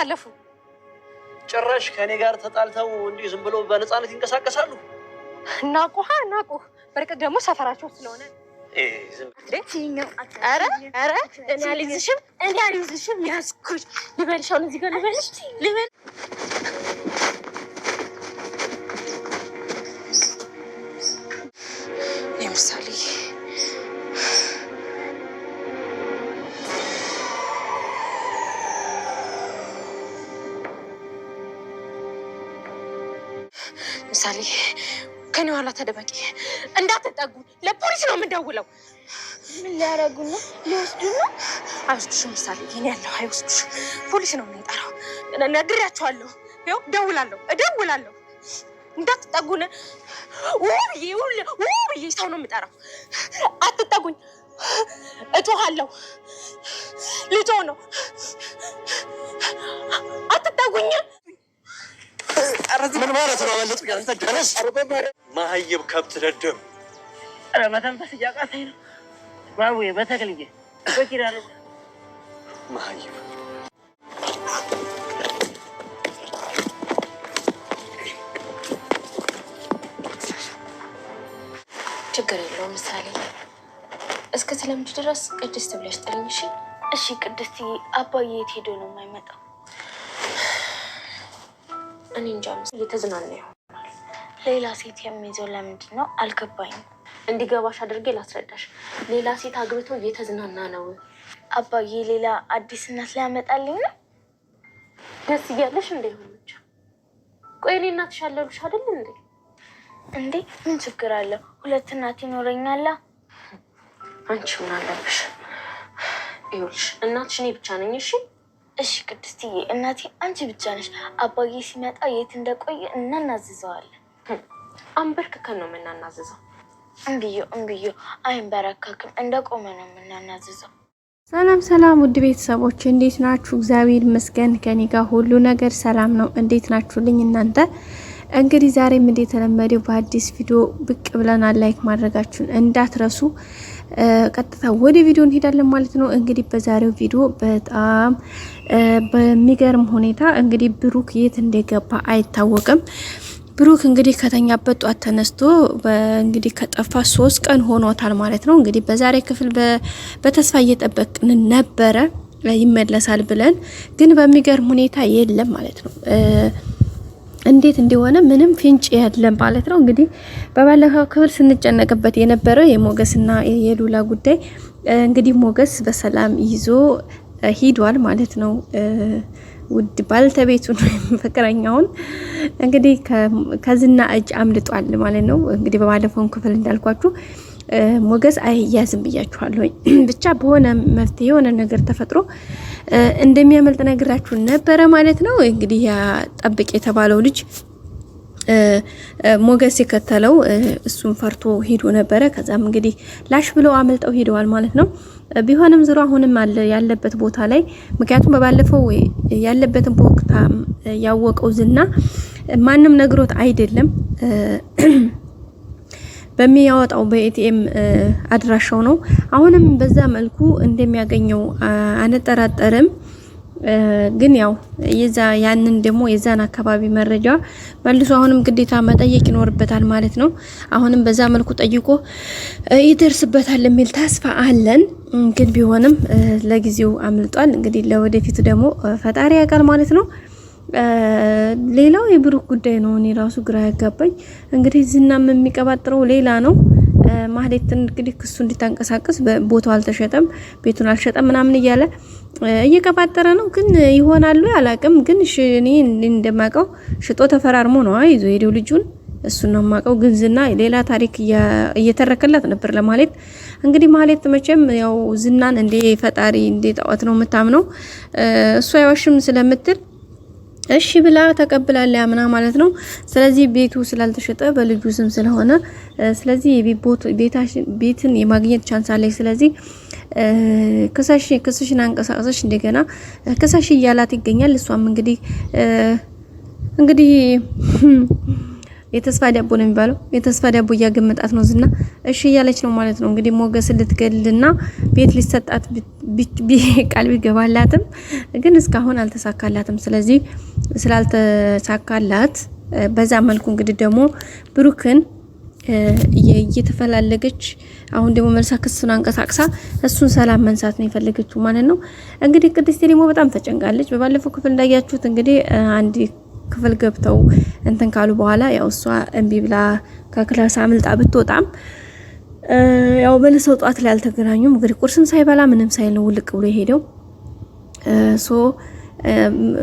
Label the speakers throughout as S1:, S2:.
S1: አለፉ።
S2: ጭራሽ ከእኔ ጋር ተጣልተው እንዲህ ዝም ብሎ በነፃነት ይንቀሳቀሳሉ።
S1: እናቁሃ እናቁ። በርቀት ደግሞ ሰፈራቸው ስለሆነ እኔ አልይዝሽም፣ እኔ አልይዝሽም። ያዝኩሽ ልበልሽ፣ አሁን እዚህ ጋር ልበልሽ፣ ልበል
S3: ምሳሌ ከኔ ኋላ ተደበቂ፣ እንዳትጠጉ፣ ለፖሊስ ነው የምደውለው።
S1: ምን ሊያደርጉ ነው? ሊወስዱ ነው?
S3: አይወስዱሽ ምሳሌ፣ ይህን ያለው አይወስዱሽም። ፖሊስ ነው የምንጠራው። ነግሬያቸዋለሁ። ይኸው እደውላለሁ፣ እደውላለሁ። እንዳትጠጉን፣ ውብዬ፣ ውብዬ ሰው ነው የምጠራው። አትጠጉኝ፣ እጮሃለሁ። ልጆ ነው፣ አትጠጉኝ። ምን ማለት ነው? አመለጥኩኝ። አንተ ደረስ መሀይብ ከብት ደደብ ኧረ መተንፈስ እያቃተኝ ነው። ባቡዬ በተክልዬ በኪዳነ መሀይብ ችግር የለው ምሳሌ እስከ ስለምድ ድረስ ቅድስት ብለሽ ጥሪኝ። እሺ እሺ። ቅድስት አባዬ የት ሄዶ ነው የማይመጣው? እኔ እንጃ እየተዝናና ይሆናል። ሌላ ሴት የሚይዘው ለምንድን ነው አልገባኝም። እንዲገባሽ አድርጌ ላስረዳሽ። ሌላ ሴት አግብቶ እየተዝናና ነው። አባዬ ሌላ አዲስ እናት ሊያመጣልኝ ነው። ደስ እያለሽ እንደሆነች። ቆይ እኔ እናትሽ አለሉሽ አይደል እንዴ? እንዴ ምን ችግር አለው? ሁለት እናት ይኖረኛላ። አንቺ ምን አለብሽ? ይኸውልሽ እናትሽ እኔ ብቻ ነኝ። እሺ እሺ ቅድስትዬ፣ እናቴ አንቺ ብቻ ነሽ። አባዬ ሲመጣ የት እንደቆየ እናናዝዘዋለን። አንበርክከን ነው የምናናዝዘው። እምብዮ እምብዮ አይንበረከክም፣ እንደቆመ ነው የምናናዝዘው። ሰላም ሰላም፣ ውድ ቤተሰቦች እንዴት ናችሁ? እግዚአብሔር ይመስገን ከኔ ጋር ሁሉ ነገር ሰላም ነው። እንዴት ናችሁልኝ እናንተ? እንግዲህ ዛሬም እንደተለመደው በአዲስ ቪዲዮ ብቅ ብለናል። ላይክ ማድረጋችሁን እንዳትረሱ። ቀጥታ ወደ ቪዲዮ እንሄዳለን ማለት ነው። እንግዲህ በዛሬው ቪዲዮ በጣም በሚገርም ሁኔታ እንግዲህ ብሩክ የት እንደገባ አይታወቅም። ብሩክ እንግዲህ ከተኛበት ጧት ተነስቶ እንግዲህ ከጠፋ ሶስት ቀን ሆኖታል ማለት ነው። እንግዲህ በዛሬ ክፍል በተስፋ እየጠበቅን ነበረ ይመለሳል ብለን፣ ግን በሚገርም ሁኔታ የለም ማለት ነው። እንዴት እንደሆነ ምንም ፍንጭ የለም ማለት ነው። እንግዲህ በባለፈው ክፍል ስንጨነቅበት የነበረው የሞገስና የሉላ ጉዳይ እንግዲህ ሞገስ በሰላም ይዞ ሂዷል ማለት ነው። ውድ ባልተቤቱን ፍቅረኛውን እንግዲህ ከዝና እጅ አምልጧል ማለት ነው። እንግዲህ በባለፈውን ክፍል እንዳልኳችሁ ሞገስ አይያዝም ብያችኋለሁ። ብቻ በሆነ መፍትሄ የሆነ ነገር ተፈጥሮ እንደሚያመልጥ ነግራችሁ ነበረ ማለት ነው። እንግዲህ ያ ጠብቅ የተባለው ልጅ ሞገስ የከተለው እሱን ፈርቶ ሄዶ ነበረ። ከዛም እንግዲህ ላሽ ብለው አመልጠው ሄደዋል ማለት ነው። ቢሆንም ዝሮ አሁንም ያለበት ቦታ ላይ ምክንያቱም በባለፈው ያለበትን ቦታ ያወቀው ዝና ማንም ነግሮት አይደለም በሚያወጣው በኤቲኤም አድራሻው ነው። አሁንም በዛ መልኩ እንደሚያገኘው አንጠራጠርም። ግን ያው የዛ ያንን ደግሞ የዛን አካባቢ መረጃ መልሶ አሁንም ግዴታ መጠየቅ ይኖርበታል ማለት ነው። አሁንም በዛ መልኩ ጠይቆ ይደርስበታል የሚል ተስፋ አለን። ግን ቢሆንም ለጊዜው አምልጧል። እንግዲህ ለወደፊቱ ደግሞ ፈጣሪ ያውቃል ማለት ነው። ሌላው የብሩክ ጉዳይ ነው። እኔ ራሱ ግራ ያጋባኝ እንግዲህ ዝናም የሚቀባጥረው ሌላ ነው። ማህሌት እንግዲህ ክሱ እንዲታንቀሳቀስ ቦታው አልተሸጠም፣ ቤቱን አልሸጠም ምናምን እያለ እየቀባጠረ ነው። ግን ይሆናሉ አላቅም። ግን እኔ እንደማቀው ሽጦ ተፈራርሞ ነው ይዞ ሄደው ልጁን እሱ ነው የማውቀው። ግን ዝና ሌላ ታሪክ እየተረከላት ነበር ለማህሌት። እንግዲህ ማህሌት መቼም ያው ዝናን እንደ ፈጣሪ እንደ ጣዖት ነው የምታምነው እሱ አይዋሽም ስለምትል እሺ ብላ ተቀብላለች አምና ማለት ነው። ስለዚህ ቤቱ ስላልተሸጠ በልጁ ስም ስለሆነ ስለዚህ ቤትን የማግኘት ቻንስ አለች። ስለዚህ ክሳሽ ክስሽን አንቀሳቀሰሽ እንደገና ከሳሽ እያላት ይገኛል። እሷም እንግዲህ እንግዲህ የተስፋ ዳቦ ነው የሚባለው። የተስፋ ዳቦ እያገመጣት ነው ዝና። እሺ እያለች ነው ማለት ነው እንግዲህ ሞገስ ልትገልና ቤት ሊሰጣት ቃል ቢገባላትም ግን እስካሁን አልተሳካላትም። ስለዚህ ስላልተሳካላት በዛ መልኩ እንግዲህ ደግሞ ብሩክን እየተፈላለገች አሁን ደግሞ መልሳ ክሱን አንቀሳቅሳ እሱን ሰላም መንሳት ነው የፈለገችው ማለት ነው። እንግዲህ ቅድስቴ ደግሞ በጣም ተጨንቃለች። በባለፈው ክፍል እንዳያችሁት እንግዲህ አንድ ክፍል ገብተው እንትን ካሉ በኋላ ያው እሷ እምቢ ብላ ከክላስ አምልጣ ብትወጣም ያው መልሰው ጧት ላይ አልተገናኙም። እንግዲህ ቁርስም ሳይበላ ምንም ሳይል ውልቅ ብሎ የሄደው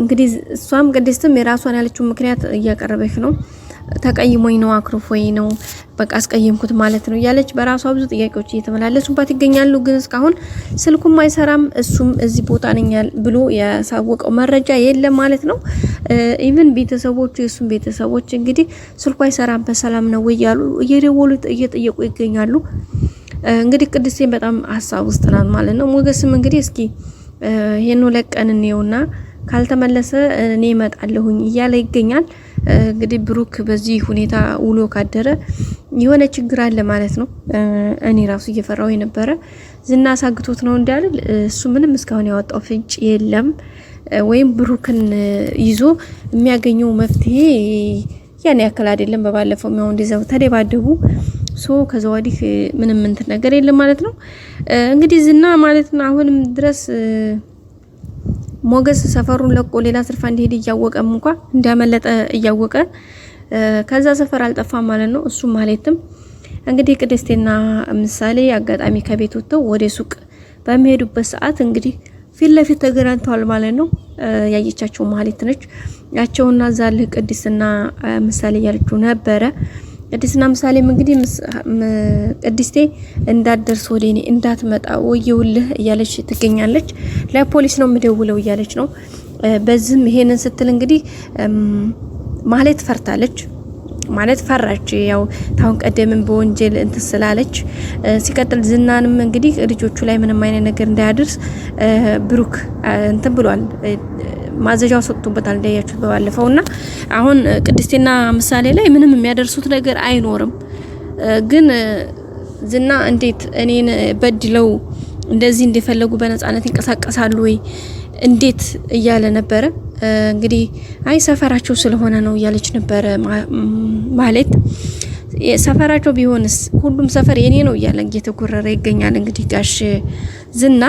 S3: እንግዲህ እሷም ቅድስትም የራሷን ያለችው ምክንያት እያቀረበች ነው። ተቀይሞኝ ነው አክሮፎኝ ነው በቃ አስቀየምኩት ማለት ነው እያለች በራሷ ብዙ ጥያቄዎች እየተመላለሱባት ይገኛሉ። ግን እስካሁን ስልኩም አይሰራም፣ እሱም እዚህ ቦታ ነኝ ብሎ ያሳወቀው መረጃ የለም ማለት ነው። ኢቭን ቤተሰቦቹ የእሱም ቤተሰቦች እንግዲህ ስልኩ አይሰራም በሰላም ነው እያሉ እየደወሉ እየጠየቁ ይገኛሉ። እንግዲህ ቅድስቴን በጣም ሀሳብ ውስጥ ናት ማለት ነው። ሞገስም እንግዲህ እስኪ ይሄን ለቀን እንየውና ካልተመለሰ እኔ እመጣለሁኝ እያለ ይገኛል። እንግዲህ ብሩክ በዚህ ሁኔታ ውሎ ካደረ የሆነ ችግር አለ ማለት ነው። እኔ ራሱ እየፈራው የነበረ ዝና አሳግቶት ነው እንዳልል እሱ ምንም እስካሁን ያወጣው ፍንጭ የለም። ወይም ብሩክን ይዞ የሚያገኘው መፍትሄ ያን ያክል አይደለም። በባለፈው ያው እንደዛው ተደባደቡ። ሶ ከዛ ወዲህ ምንም እንትን ነገር የለም ማለት ነው። እንግዲህ ዝና ማለት አሁንም ድረስ ሞገስ ሰፈሩን ለቆ ሌላ ስርፋ እንዲሄድ እያወቀም እንኳ እንዳመለጠ እያወቀ ከዛ ሰፈር አልጠፋም ማለት ነው። እሱ ማለትም እንግዲህ ቅድስቴና ምሳሌ አጋጣሚ ከቤት ወጥተው ወደ ሱቅ በሚሄዱበት ሰዓት እንግዲህ ፊት ለፊት ተገናኝተዋል ማለት ነው። ያየቻቸው ማለት ነች ያቸውና ዛልህ ቅድስና ምሳሌ እያለችው ነበረ። ቅድስና ምሳሌም እንግዲህ ቅድስቴ እንዳትደርስ ወደ እኔ እንዳትመጣ ወየውልህ እያለች ትገኛለች። ለፖሊስ ነው የምደውለው እያለች ነው። በዚህም ይሄንን ስትል እንግዲህ ማለት ፈርታለች ማለት ፈራች። ያው ታሁን ቀደምን በወንጀል እንትን ስላለች ሲቀጥል ዝናንም እንግዲህ ልጆቹ ላይ ምንም አይነት ነገር እንዳያደርስ ብሩክ እንትን ብሏል ማዘዣው ሰጥቶበታል እንዳያችሁት በባለፈው እና አሁን ቅድስቴና ምሳሌ ላይ ምንም የሚያደርሱት ነገር አይኖርም። ግን ዝና እንዴት እኔን በድለው እንደዚህ እንደፈለጉ በነጻነት ይንቀሳቀሳሉ ወይ እንዴት እያለ ነበረ። እንግዲህ አይ ሰፈራቸው ስለሆነ ነው እያለች ነበረ ማለት ሰፈራቸው ቢሆንስ ሁሉም ሰፈር የኔ ነው እያለ እየተጎረረ ይገኛል። እንግዲህ ጋሽ ዝና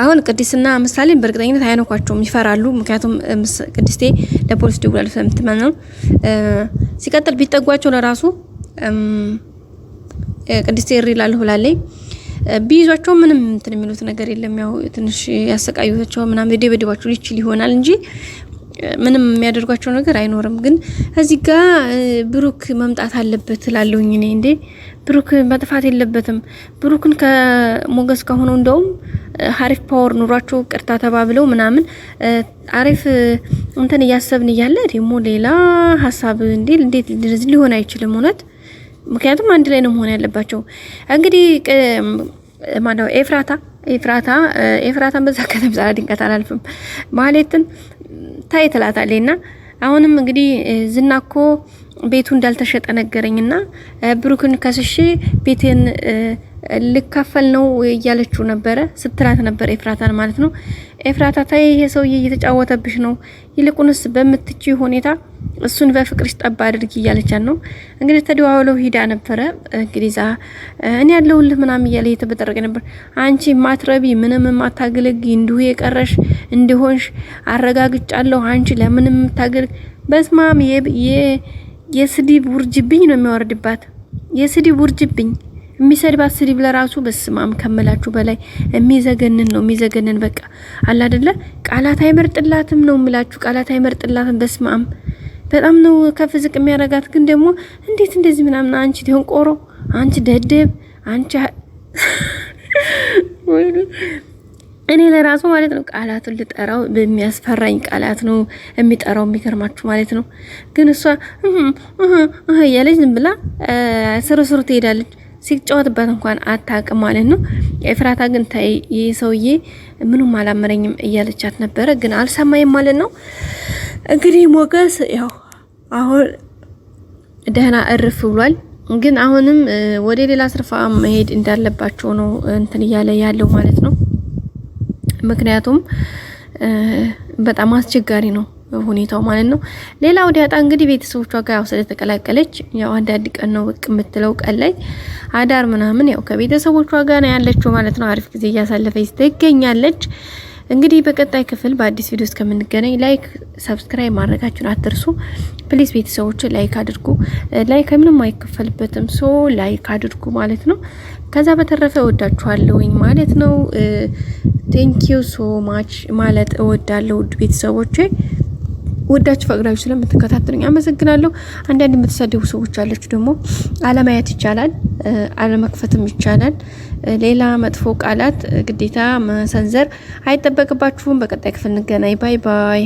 S3: አሁን ቅድስና ምሳሌን በእርግጠኝነት አይነኳቸውም፣ ይፈራሉ። ምክንያቱም ቅድስቴ ለፖሊስ ደውላል ስለምትመን ነው። ሲቀጥል ቢጠጓቸው ለራሱ ቅድስቴ እሪ እላለሁ ብላለች። ቢይዟቸው ምንም እንትን የሚሉት ነገር የለም። ያው ትንሽ ያሰቃዩቸው ምናምን ደበደባቸው ሊችል ይሆናል እንጂ ምንም የሚያደርጓቸው ነገር አይኖርም። ግን እዚህ ጋ ብሩክ መምጣት አለበት ላለውኝ እኔ። እንዴ ብሩክ መጥፋት የለበትም። ብሩክን ከሞገስ ከሆነው እንደውም ሀሪፍ ፓወር ኑሯቸው ቅርታ ተባብለው ምናምን አሪፍ እንትን እያሰብን እያለ ደግሞ ሌላ ሀሳብ እንዴ እንዴት ሊሆን አይችልም እውነት። ምክንያቱም አንድ ላይ ነው መሆን ያለባቸው። እንግዲህ ማነው ኤፍራታ ኤፍራታ ኤፍራታን በዛ ከተምሳላ ድንቀት አላልፍም ማለትን ታይ ትላታለና አሁንም እንግዲህ ዝናኮ ቤቱ እንዳልተሸጠ ነገረኝና ብሩክን ከስሼ ቤቴን ልካፈል ነው እያለችው ነበረ ስትላት ነበር ኤፍራታን ማለት ነው። ኤፍራታ ታይ ይሄ ሰውዬ እየተጫወተብሽ ነው፣ ይልቁንስ በምትችይ ሁኔታ እሱን በፍቅርሽ ጠባ አድርጊ እያለቻት ነው። እንግዲህ ተደዋውለው ሂዳ ነበረ እንግዲህ ዛ እኔ ያለሁልህ ምናምን እያለ እየተበጠረቀ ነበር። አንቺ ማትረቢ ምንም ማታገለግ እንዲሁ የቀረሽ እንዲሆንሽ አረጋግጫለሁ። አንቺ ለምንም የምታገለግ በስማም የስድብ ውርጅብኝ ነው የሚያወርድባት የስድብ ውርጅብኝ የሚሰድባት ስድብ ለራሱ በስማም ከመላችሁ በላይ የሚዘገንን ነው። የሚዘገንን በቃ አለ አይደለ? ቃላት አይመርጥላትም ነው የምላችሁ። ቃላት አይመርጥላትም። በስማም በጣም ነው ከፍ ዝቅ የሚያደርጋት ግን ደግሞ እንዴት እንደዚህ ምናምን አንቺ ዲሆን ቆሮ፣ አንቺ ደደብ፣ አንቺ እኔ ለራሱ ማለት ነው ቃላቱን ልጠራው በሚያስፈራኝ ቃላት ነው የሚጠራው። የሚገርማችሁ ማለት ነው። ግን እሷ እያለች ዝም ብላ ስሩ ትሄዳለች። ሲጫወትበት እንኳን አታቅም ማለት ነው። የፍራታ ግን ታይ ይህ ሰውዬ ምኑም አላመረኝም እያለቻት ነበረ፣ ግን አልሰማይም ማለት ነው። እንግዲህ ሞገስ ያው አሁን ደህና እርፍ ብሏል። ግን አሁንም ወደ ሌላ ስርፋ መሄድ እንዳለባቸው ነው እንትን እያለ ያለው ማለት ነው። ምክንያቱም በጣም አስቸጋሪ ነው። ሁኔታው ማለት ነው። ሌላ ወዲ ያጣ እንግዲህ ቤተሰቦቿ ጋር ያው ስለተቀላቀለች ያው አንዳንድ ቀን ነው ብቅ የምትለው ቀን ላይ አዳር ምናምን ያው ከቤተሰቦቿ ጋር ነው ያለችው ማለት ነው። አሪፍ ጊዜ እያሳለፈች ትገኛለች። እንግዲህ በቀጣይ ክፍል በአዲስ ቪዲዮ እስከምንገናኝ ላይክ፣ ሰብስክራይብ ማድረጋችሁን አትርሱ። ፕሊዝ ቤተሰቦች ላይክ አድርጉ። ላይክ ምንም አይከፈልበትም፣ ሶ ላይክ አድርጉ ማለት ነው። ከዛ በተረፈ እወዳችኋለሁኝ ማለት ነው። ቴንኪዩ ሶ ማች ማለት እወዳለሁ ውድ ቤተሰቦቼ። ወዳችሁ ፈቅዳችሁ ስለምትከታተሉኝ አመሰግናለሁ። አንዳንድ የምትሳደቡ ሰዎች አለችሁ ደግሞ አለማየት ይቻላል፣ አለመክፈትም ይቻላል። ሌላ መጥፎ ቃላት ግዴታ መሰንዘር አይጠበቅባችሁም። በቀጣይ ክፍል እንገናኝ። ባይ ባይ።